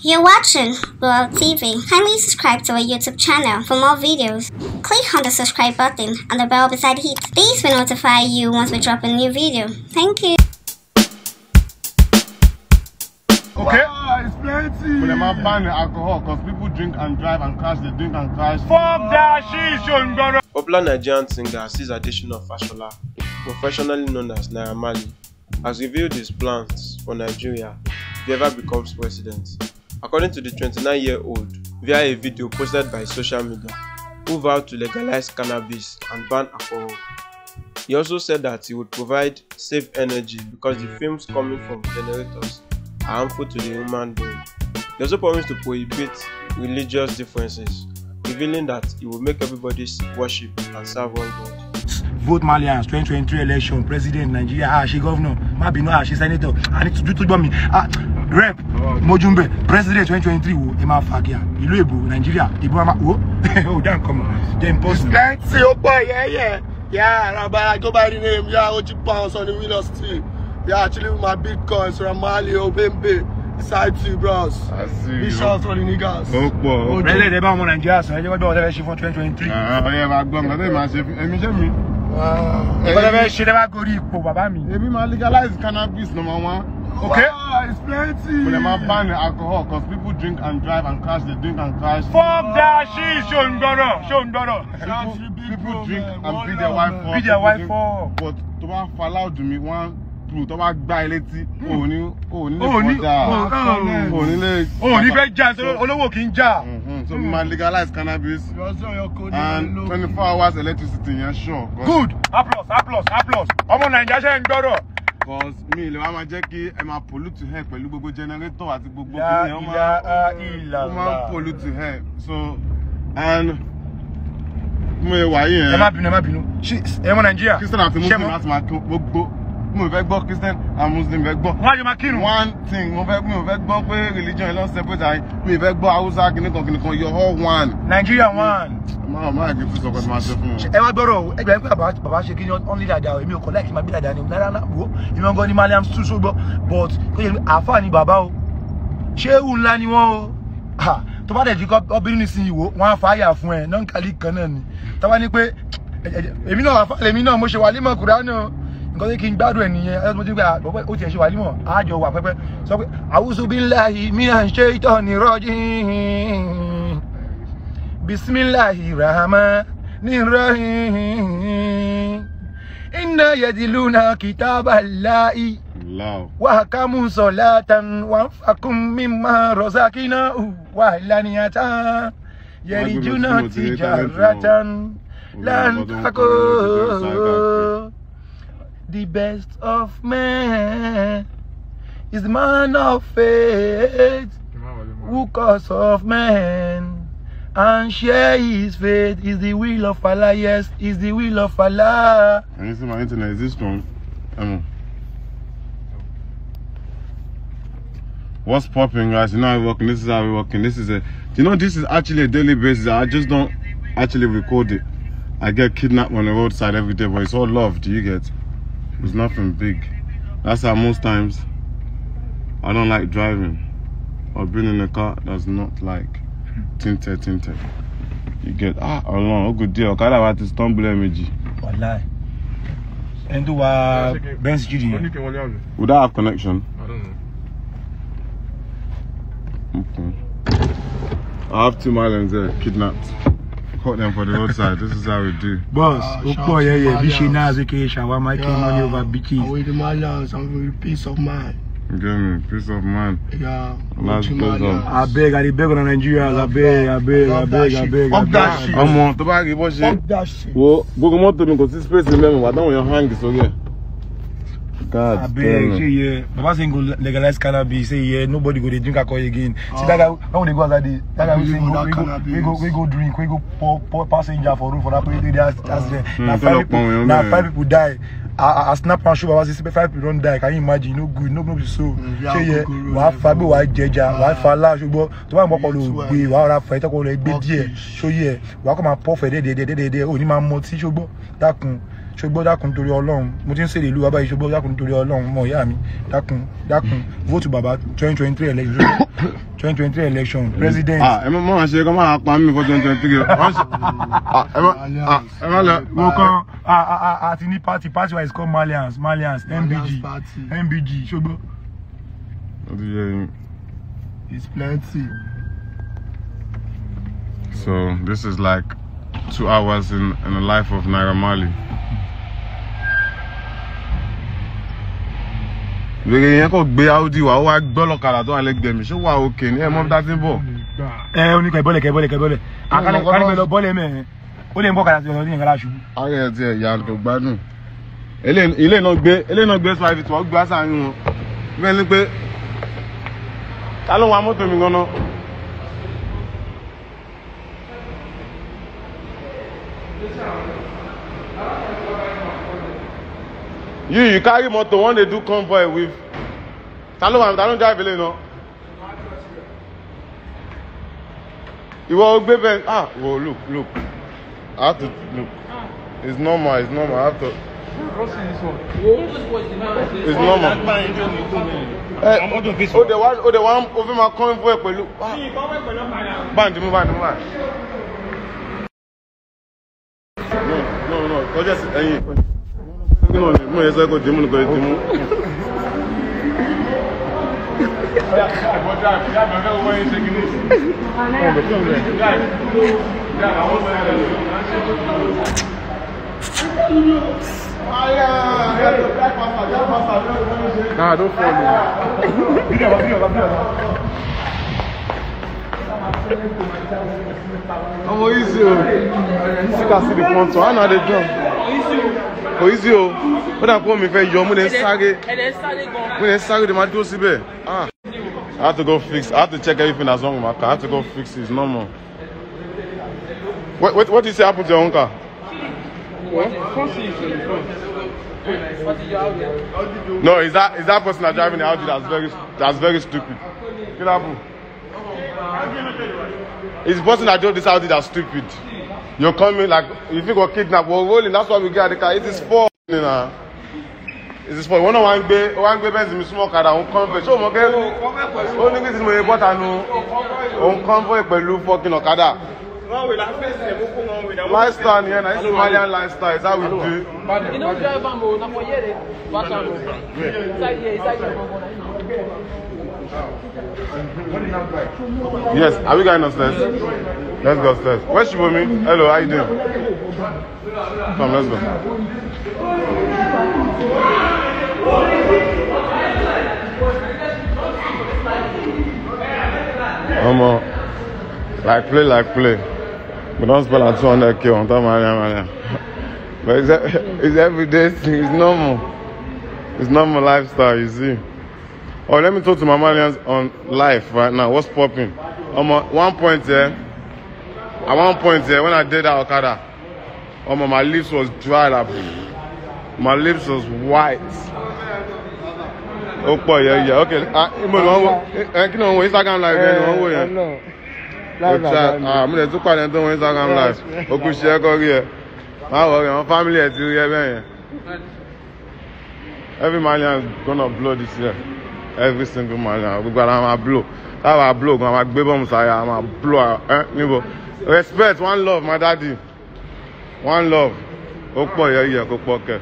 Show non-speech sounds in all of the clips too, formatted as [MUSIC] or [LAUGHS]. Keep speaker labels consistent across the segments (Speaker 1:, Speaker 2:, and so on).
Speaker 1: You're watching Blowout TV. Kindly subscribe to our YouTube channel for more videos. Click on the subscribe button and the bell beside it. These will notify you once we drop a new video. Thank you.
Speaker 2: Okay. Wow, ah, it's
Speaker 3: plenty. But I'm banning alcohol because people drink and drive and crash. They drink and crash. Fuck that
Speaker 1: shit, Popular Nigerian singer Aziz Adesina Fashola, professionally known as Naira Marley, has revealed his plans for Nigeria never becomes president, according to the 29 year old via a video posted by social media who vowed to legalize cannabis and ban alcohol. He also said that he would provide safe energy because the fumes coming from generators are harmful to the human being. He also promised to prohibit religious differences, revealing that he will make everybody worship and serve one God.
Speaker 4: vote Malians 2023 election, president Nigeria, ah, she governor, Mabino, ah, she senator, I need to do to me. Ah, rep mojumbe president 2023 wo ẹ máa fàgíà ìlú èbò nàìjíríà ìbò máa wo [LAUGHS] ó come nǹkan mọ jẹ impossible. lẹ́ǹtì boy pọ̀ yẹ́yẹ́ Yeah, àràbà go by the name yà ó ti pa on the willow street yà àtúlẹ̀ my bitcoins. Ramali mali side two, bros bishop for the niggas. ó pọ̀ ó pọ̀ rẹ́lẹ̀ dẹ́ bá ọmọ nàìjíríà sọ ẹ jẹ́ wọ́n gbọ́ ọ̀tẹ́ fẹ́ ṣe fún 2023. ọ̀rẹ́ wa gbọ́ nǹkan tó yẹ máa ṣe ẹ̀mí ṣẹ́ mi. ọ̀tẹ́ fẹ́ ṣe dẹ́ bá gorí ipò
Speaker 3: bàbá mi. èmi máa legalize cannabis number one. Okay? Wow, ah, it's plenty. But they might ban alcohol because people drink and drive and crash. They drink and crash. Fuck that shit. Show him Show him People, people drink and beat their wife up. Beat their wife up. But to my fallout to me one kúrò tó bá gbá ilé tí òní òní lè kọjá òní lè. òní fẹ́ jà olówó kì í jà. Mm-hmm. so we ma hmm. legalize cannabis and twenty four hours electricity yẹn sure. good applause applause applause ọmọ nàìjíríà ṣe ń gbọ́dọ̀ because mi ilẹ̀ wa máa jẹ́ kí ẹ máa pollute air pẹ̀lú gbogbo generator àti gbogbo kí ni ó máa ah, pollute air so and mo wà yìí yẹn. ẹ má eh. bínú ẹ má bínú
Speaker 4: ẹ mọ nàìjíríà ṣé mo
Speaker 3: ṣé mo mo fẹ́ gbọ́ Christian and Muslim fẹ́ gbọ́. wọ́n máa kírun. one thing mo fẹ́ mi ò fẹ́ gbọ́ pé religion ló ń separate àyìn mi ò fẹ́ gbọ́ Hausa kìnnìkan kìnnìkan you all one. Nigeria one. máa
Speaker 4: máa kí n tún sọ pé máa ṣe fún wọn. ẹ wá gbọ́dọ̀ o ẹgbẹ́ pé bàbá ṣe kí ni ọ́n ní dada o èmi ò kọ́ láì kí n máa bí dada ni náírà náà wo èmi ọgọ́ ní Maliam tún sọ gbọ́ but kò yẹ àáfàá ni bàbá o ṣéwù ńlá ni wọ́n o tó bá dẹ̀ jí ọbìnrin nísìnyí wo wọ́n á fàáyà fún ẹ náà ń kálí kan náà ni táwa ni pé èmi náà àfàlẹ́mí nǹkan tó kí n gbádùn ẹ̀ nìyẹn ẹ̀ tó ti gbé ó tiẹ̀ ṣe wà nímọ̀ àjọ wà pẹ́pẹ́ sọ pé a'udhu billahi minash shaitani rajim bismillahir rahmanir rahim inna yadiluna kitaballahi wa akamu solatan wa akum mimma rozakina wa ilaniyata yarijuna tijaratan lantakoo. the best of men is the man of faith who cause of man and share his faith is the will of Allah. Yes, is the will of Allah.
Speaker 3: And you see my internet is this strong. Um, what's popping guys you know i'm working this is how we're working this is a you know this is actually a daily basis i just don't actually record it i get kidnapped on the roadside every day but it's all love do you get it's nothing big. That's how most times I don't like driving. or being in a car that's not like tinted, tinted. You get, ah, along, oh good deal. Kada wa ti stumble emeji.
Speaker 4: Wallahi. Endo wa
Speaker 3: Benz GD. Would that have connection? I don't know. Okay. I have two islands there, kidnapped. Cut them for the roadside. this is how we do.
Speaker 4: Boss, uh, ah, Opo, yeah, yeah. Vichy Nazike, Shawama, yeah. came money over bitches. I'm with my lands. I'm with peace of mind. You get me? Peace of mind. Yeah. Last buzz up. I beg, I beg on Nigerians. I beg, I beg, I beg, I beg. Fuck that shit. Come on, the
Speaker 3: bag, you Fuck that shit. Well, go come on to me because this place is me. Why don't you hang this again?
Speaker 4: God I beg, Say, yeah. Baba saying go legalize cannabis. Say yeah, nobody go they drink alcohol again. Uh, See that guy. When they go outside, the, that guy will say go, we, go, we go, we go drink, we go pour, pour passenger for room for that place. They ask, ask them. Hmm, now five people, now five people die a snap one show baba say say five people don die can you imagine no good no no be so mm, ṣe yẹ wà á fa bí wà á jẹja ah. wà á fa lá ṣùgbọ́n tó bá ń pọpọ lò gbé wà á ra fà ìtọ́kọ rẹ gbé díẹ̀ ṣó yẹ wà á kọ́ máa pọ̀ fẹ̀ dẹ́dẹ́dẹ́dẹ́dẹ́ ò ní máa mọ tí ṣùgbọ́n dákun ṣùgbọ́n dákun torí ọlọ́run mo ti ń ṣèlè ìlú bàbá yìí ṣùgbọ́n dákun torí ọlọ́run mọ̀ ìyá mi dákun dákun vóòtù Baba. twenty twenty three election 2023 election president. Ah, ẹ
Speaker 3: mọ máa ṣe kọ́ máa pa mí for 2023 ah, ah, ẹ má lọ. mo kàn
Speaker 4: àti ní party party wa is called malians malians mbg mbg ṣogbó. o ti yẹ yín. it's plenty.
Speaker 3: so this is like two hours in, in the life of Naira Marley. wèrè yẹn kò gbé Audi wá ó wá gbọ́lọ̀kadà tó wà lẹ́gbẹ̀ẹ́ mi ṣé wà òkè
Speaker 4: ní ẹ̀ mọ́ bí dájú bọ̀. ẹ ẹ oníkà ìbọ̀lẹ̀ kẹ ìbọ̀lẹ̀ kẹ ìbọ̀lẹ̀ àkàlẹ̀
Speaker 3: bọ́lẹ̀ mẹ́ ó lè ń bọ̀ kàdà sí ọ̀dọ̀ ní ìkàlà ṣubú. ara ẹ̀ tiẹ̀ ya kò gbádùn ilé náà gbé ilé náà gbé sọ́ọ́ àfi tí wọ́n gbé àṣà bẹ́ẹ̀ ni pé ta ló wa mọ́tò mi gan-an you you carry motor one dey do convoy with Talo ló talo ta ló ń drive ilé náà ìwọ gbé bẹ́ẹ̀ ah wo look look i have to look it's normal it's normal i have to. it's normal. ẹ eh, o de wa o de wa o fi ma convoy pẹ̀lú. báńdì mú báńdì mú báńdì. no no no kọjá sí ẹyin. Não, irmão, essa é que eu Nah, don't follow me.
Speaker 2: Ọmọ yìí sí o,
Speaker 3: sí kà sí di pọ̀ntọ̀, á nà á di kò í sí o ó dà pé omi fẹ́ yọ múlẹ̀ sáré múlẹ̀ sáré de máa dúró síbẹ̀ ah I have to go fix I have to check everything that's wrong with my car I have to go fix it it's normal what what what do you say happen to your own car.
Speaker 2: What? No,
Speaker 3: is that is that person that driving the Audi that's very that's very stupid. Get happened? It's the person that drove this Audi that's stupid. You're coming like you think we're kidnapped. We're rolling. That's why we get out the car. It is poor. You know. It is poor. One of wá ń one wá ń gbé bẹ́ẹ̀sì mi súnmọ́ ọ̀kadà òun convoy. Ṣé Only mọ̀ kẹ́ ó ní kí sinmi bọ́ta nu òun convoy pẹ̀lú fọ́kìn ọ̀kadà.
Speaker 1: Lifestyle ni ẹ̀ na, it's Malian
Speaker 3: lifestyle, is that we do? You know drive
Speaker 2: am o, na for here dey eh? back am o. Inside Yes, are we going upstairs? Let's go upstairs. Where's Shibomi? Hello, how you doing? Come, let's go.
Speaker 3: Come on. like play, like play. We don't spend at 200k on top of my [LAUGHS] But it's, [LAUGHS] it's everyday thing, it's normal. It's normal lifestyle, you see. Oh, let me talk to my Malians on life right now. What's popping? I'm Omo, one point here. Yeah. At one point there, when I did that Okada, oh my, my lips was dry, up. My lips was white. Oh boy, yeah, yeah, okay. I can on Instagram live, yeah, no way.
Speaker 2: I'm gonna
Speaker 3: talk about it on Instagram live. Okay, share go here. My Okay. my family is here, man. Every Malian is gonna blow this year. Every single Malian, we gotta have a blow. That a blow, gonna blow, gonna blow, eh, níbo respect one love my daddy one love ó pọ̀ yẹ yẹ kó pọ̀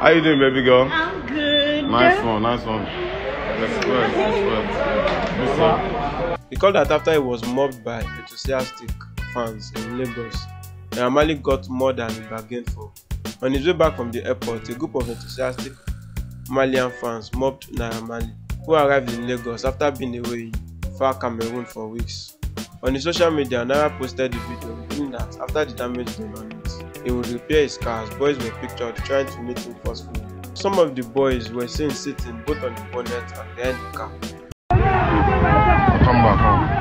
Speaker 3: how
Speaker 1: you doing baby girl.
Speaker 2: i'm good. nice
Speaker 1: one nice one Let's let's go, go.
Speaker 2: respect.
Speaker 1: recall that after he was mobbed by enthusiastic fans in Lagos, Naramali got more than he bargained for. On his way back from the airport, a group of enthusiastic Malian fans mobbed Naramali, who arrived in Lagos after being away far Cameroon for weeks. On his social media, Naira posted the video, revealing that after the damage done on it, he would repair his car as boys were pictured trying to meet him forcefully. Some of the boys were seen sitting both on the bonnet and behind the car. Come back home.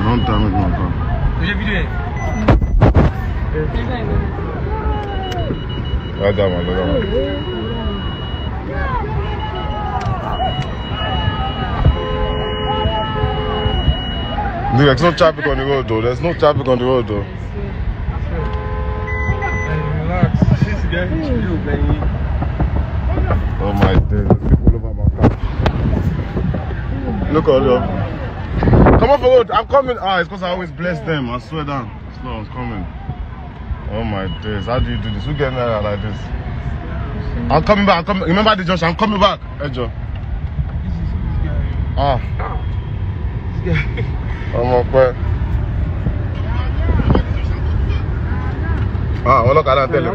Speaker 3: Don't damage my car. J'ai vu les. Regarde-moi,
Speaker 2: regarde-moi.
Speaker 3: There's no traffic on the road though. There's no traffic on the road though. Oh my days, people over my couch. Look at them. Come on for road, I'm coming. Ah, it's because I always bless them. I swear down. Slow, I'm coming. Oh my days, how do you do this? Who getting there like this? I'm coming back, I'm coming. Remember the Josh, I'm coming back. Hey, Joe. Ah. This guy. ọmọ pẹ́.
Speaker 2: Ah, ọlọ́kadà ń tẹ̀lé.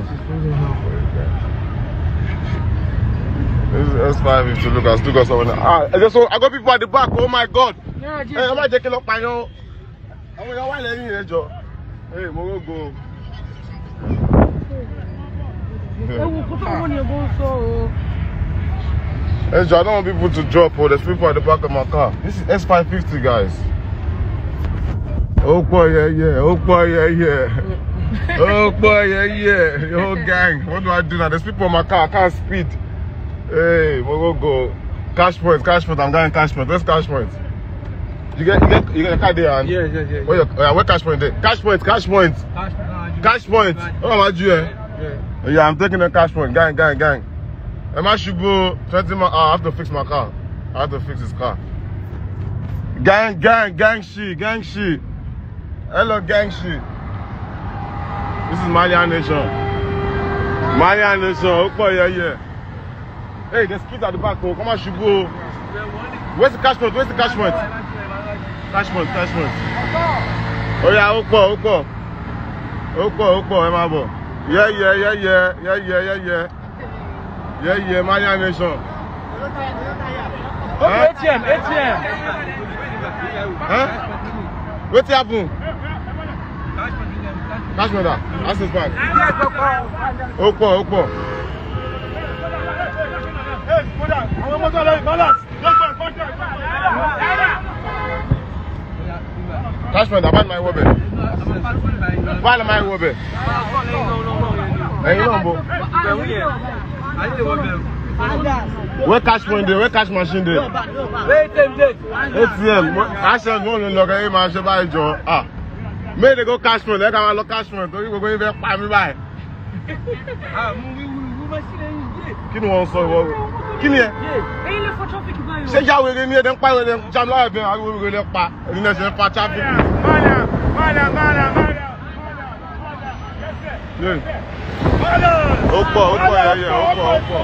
Speaker 3: This is S5 if you look at Lucas someone. Ah, so I got people at the back. Oh my God. Yeah, hey, I'm not taking up my own. I'm not while any ẹjọ́.
Speaker 2: Hey, mo go go. Hey,
Speaker 3: eh, I don't want people to drop. Oh, there's people at the back of my car. This is S550, guys yeah. pọ̀ yẹyẹ yeah, yeah. yẹyẹ ó yeah, yẹyẹ yo gang what do i do now there's people on my car i can't speed hey we go go cash point cash point i'm going cash point where's cash point you get you get you get a card there and yeah yeah yeah where, your, uh, where cash point there cash point cash point cash point oh my god eh?
Speaker 2: yeah
Speaker 3: yeah i'm taking the cash point gang gang gang am i should go 20 miles i have to fix my car i have to fix this car gang gang gang She, gang she. Hello, gang shit. This is Malian Nation. Malian Nation, ó yeah, yeah. Hey, there's kids at the back, oh. Come on, Shugo. Oh. Where's the catchment? Where's the catchment? Catchment, catchment. Ó yá, ó pọ̀, ó pọ̀. Ó pọ̀, ó pọ̀, Yeah, yeah, yeah, yeah, yeah, yeah, yeah, yeah. Yeah, yeah, Malian Nation.
Speaker 2: Okay, ATM, ATM. Huh?
Speaker 3: What happened? Cash me that. Access bank. Ó pọ̀ ó pọ̀.
Speaker 2: Àwọn ọmọ tó lọ balance. Cash me
Speaker 3: that. my máa wọ bẹ̀.
Speaker 2: Báyìí máa wọ bẹ̀. Ẹ̀yin náà bọ̀. Where cash money dey?
Speaker 3: Where cash machine dey?
Speaker 2: ATM dey. ATM.
Speaker 3: Cash ẹ̀ ń gbọ́n lọ kẹ́ ẹ̀ máa ṣe báyìí jọ. Make they go cash front. They and look cash front. Don't you go even pay me by.
Speaker 2: Ah, we we
Speaker 3: machine yìí. Kí ni wọ́n sọ ìwọ? Kí ni ẹ? Ẹyin e lè fọ traffic báyìí o. Ṣé ìyá wèrè ni ẹ̀dẹ̀ ń pa ẹ̀dẹ̀ jam láyọ̀ bẹ́ẹ̀ ariwo wèrè lẹ pa ẹ̀dẹ̀ náà ṣe ń pa traffic. Mọ́lá mọ́lá mọ́lá mọ́lá
Speaker 2: mọ́lá.
Speaker 3: Ó pọ̀ ó pọ̀ ẹ̀yẹ ó pọ̀ ó pọ̀.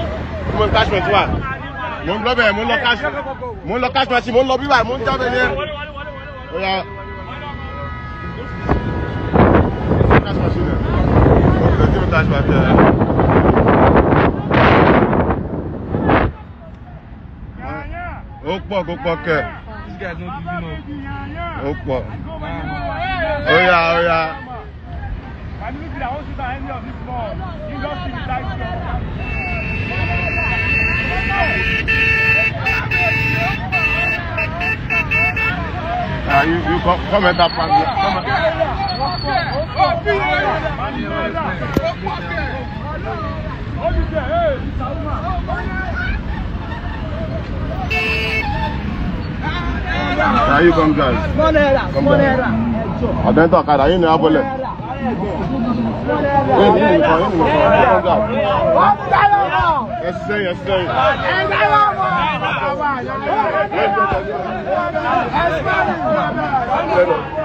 Speaker 3: Mo ń cash front wa. Mo ń lọ bẹ̀rẹ̀ mo ń lọ cash front. Mo ń lọ cash front sí mo ń lọ bíbà mo ń jábẹ̀ ní ẹ̀.
Speaker 2: machinery. Okay,
Speaker 3: give me that back there.
Speaker 2: ó pọ̀ kó pọ̀ kẹ̀. ó pọ̀. ó yá
Speaker 3: ah, come, at that part. Are you come
Speaker 2: guys. Come down. Àdẹ́ntà
Speaker 3: kadà yín ni abọ́lẹ̀.
Speaker 2: Yín ni nǹkan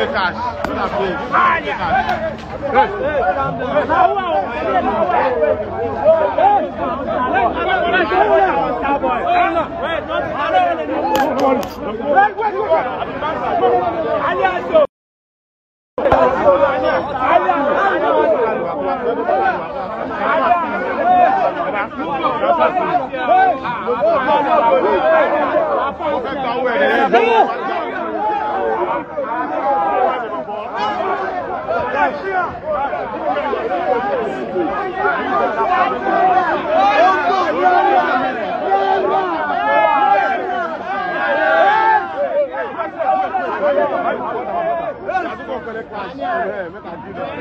Speaker 2: Gökhan. Tudo bem. Olha! Olha!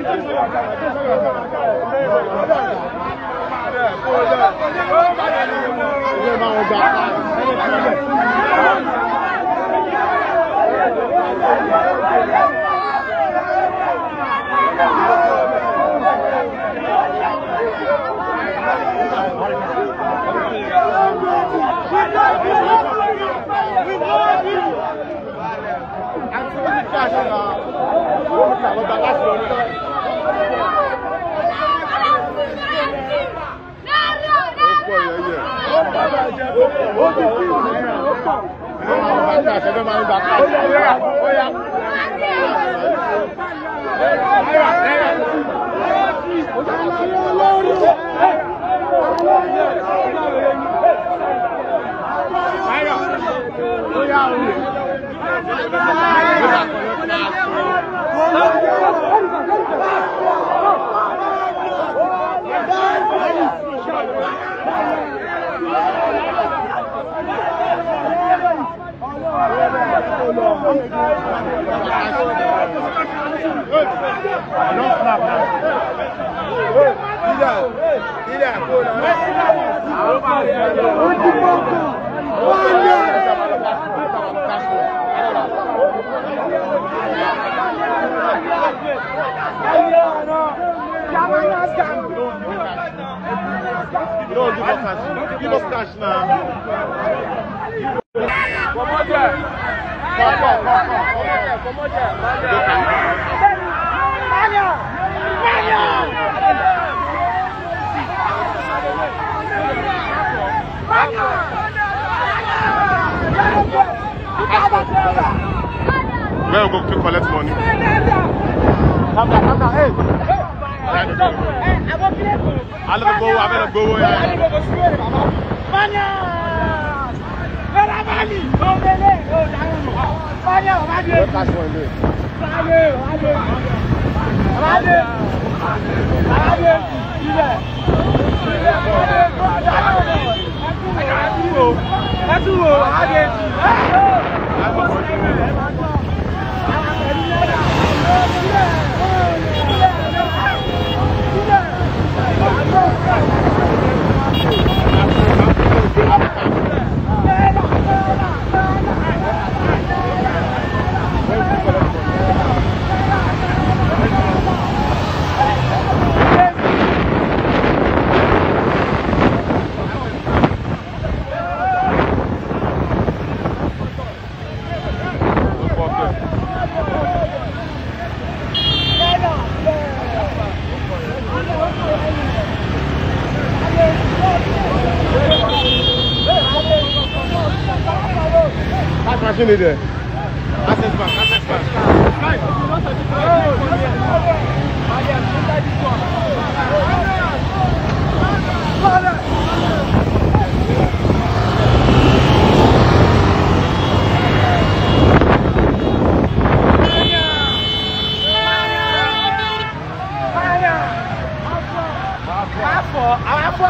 Speaker 2: Àwọn ọ̀gá láti lọ nípa. ó ti kú ìlú náà ó pọ̀. àwọn ọmọ ọjà àṣẹjọ máa ń gbà ká. ó yà wíwà ó yà. Oh, yeah. Não snap now. Tira, tira a cola. Onde volta? Olha! Don't give us cash. Don't give us cash now. Come on, Jack. Come on, come on, come on. Come on, Jack.
Speaker 3: Where we go to collect money? Come
Speaker 2: down, come down, hey! I'll go, I'll go, I'll go, I'll eh. go, Yeah.
Speaker 3: ni there? Access bank, access bank.
Speaker 2: Guys, you don't have to go. I am inside this one. Father! Afro, Afro, Afro, Afro, Afro, Afro,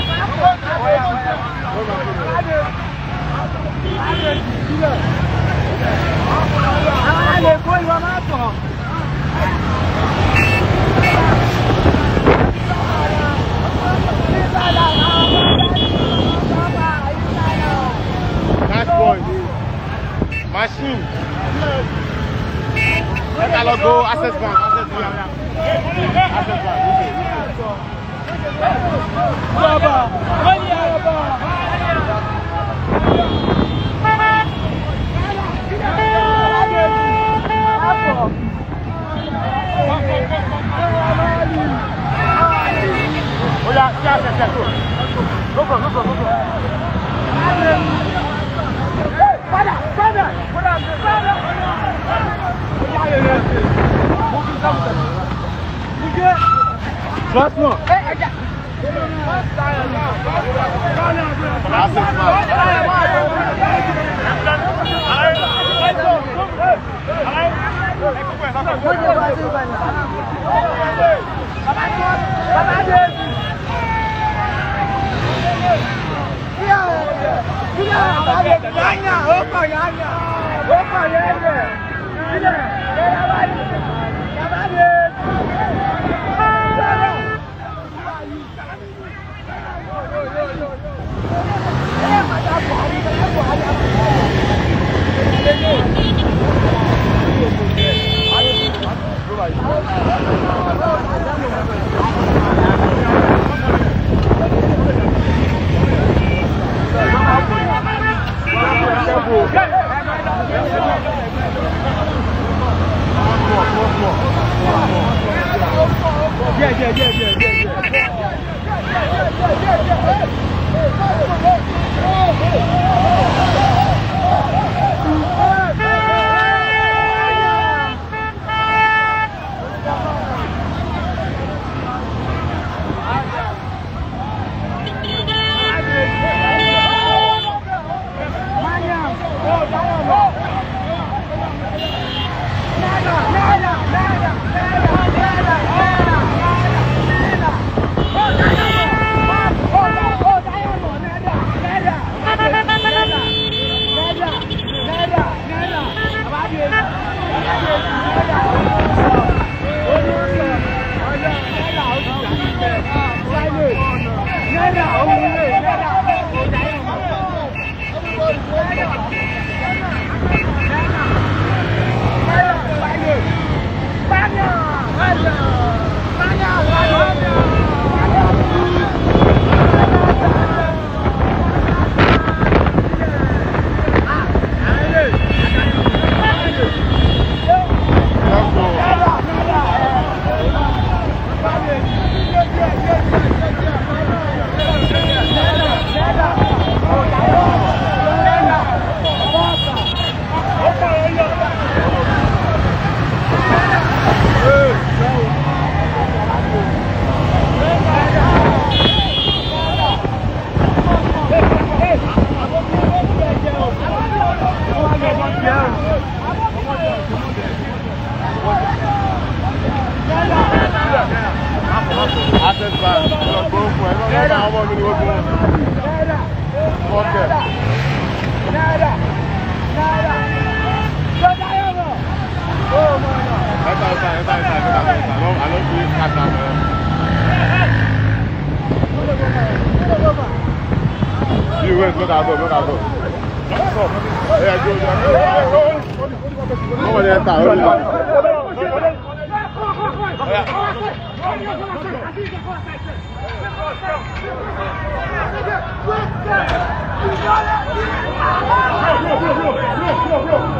Speaker 2: Afro, Afro, Afro, Afro, Afro, àwọn alẹ́ kó ìwọ máa tọ̀. That boy, machine. Let her go access bank, access bank, access bank. Baba, money, Baba. Olha, já, já, já, tu. Lupa, lupa, lupa. Para, para, para, para. Красну. Красну. Anh à, hớp vào nhà anh à, hớp vào nhà em kìa. Đi nè, đây là anh.
Speaker 3: mới đào rồi mới đào rồi
Speaker 2: không phải là tạo rồi Go,
Speaker 1: go, go,
Speaker 2: go, go, go.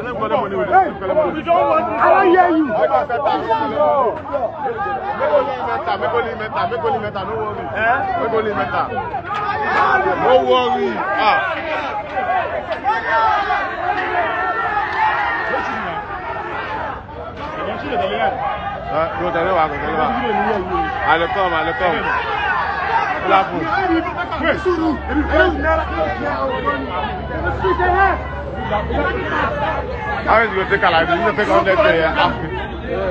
Speaker 2: I don't hear you. No worry. Ah. Go tell you what, go
Speaker 3: tell you what. I'll come, I'll come. Bravo. Wait.
Speaker 2: Wait. Wait. Wait. Wait. Wait. Wait. Wait. Wait. How
Speaker 3: is going to take a life? You're going to take 100 to uh, half it. Wọ́n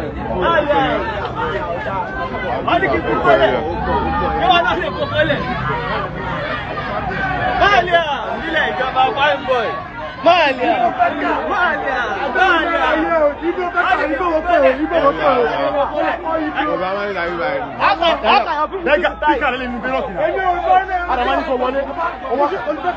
Speaker 2: ní kí kò kọ́lẹ̀. Wọ́n náà lè kò kọ́lẹ̀. Báàlì à nílẹ̀ ìjọba fine boy. Báàlì à. Báàlì à. Báàlì à. Ibo kọ́kọ́ ibo kọ́kọ́ ibo kọ́kọ́. Ọba
Speaker 3: máa ń la ìlú àìrí. Àkàyọ̀ fún mi. Píkà lè mú bẹ́rọ̀ kìí máa ń kó wọlé
Speaker 2: owó ìyàn jẹ́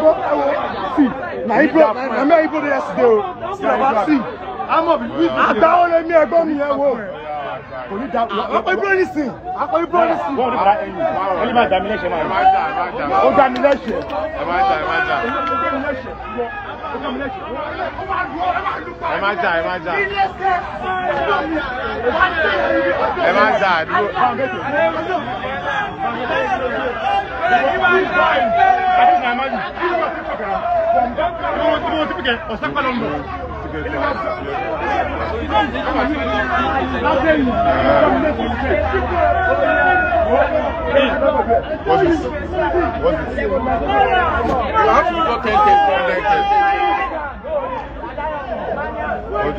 Speaker 4: ju na ibo na mẹ́ ibo dey yesterday o sí na bá sí àtàwọn lè mí ẹgbọ́n mi yẹn wo kò ní da àpò ibúrò ní sìn àpò ibúrò ní sìn. bọ́ọ̀lù bá ẹyin wọ́n ní máa dà mí lẹ́sẹ̀ máa. ó dà
Speaker 2: ẹ má jà ẹ má jà ẹ má jà àdúgbò. What's this? What's this? You have to go 10 10 10 10 10 ẹ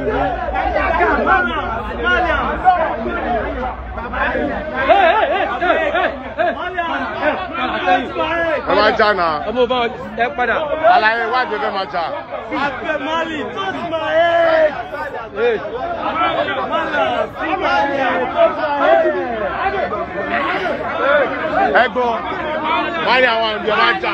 Speaker 2: máa jà
Speaker 3: náà. ọmọ ọba ẹ padà. alaye wájú fẹ́ máa jà.
Speaker 2: àfẹ mali tó ti máa ẹ. ẹ gbọ́ mali àwọn àgbẹ̀ máa jà.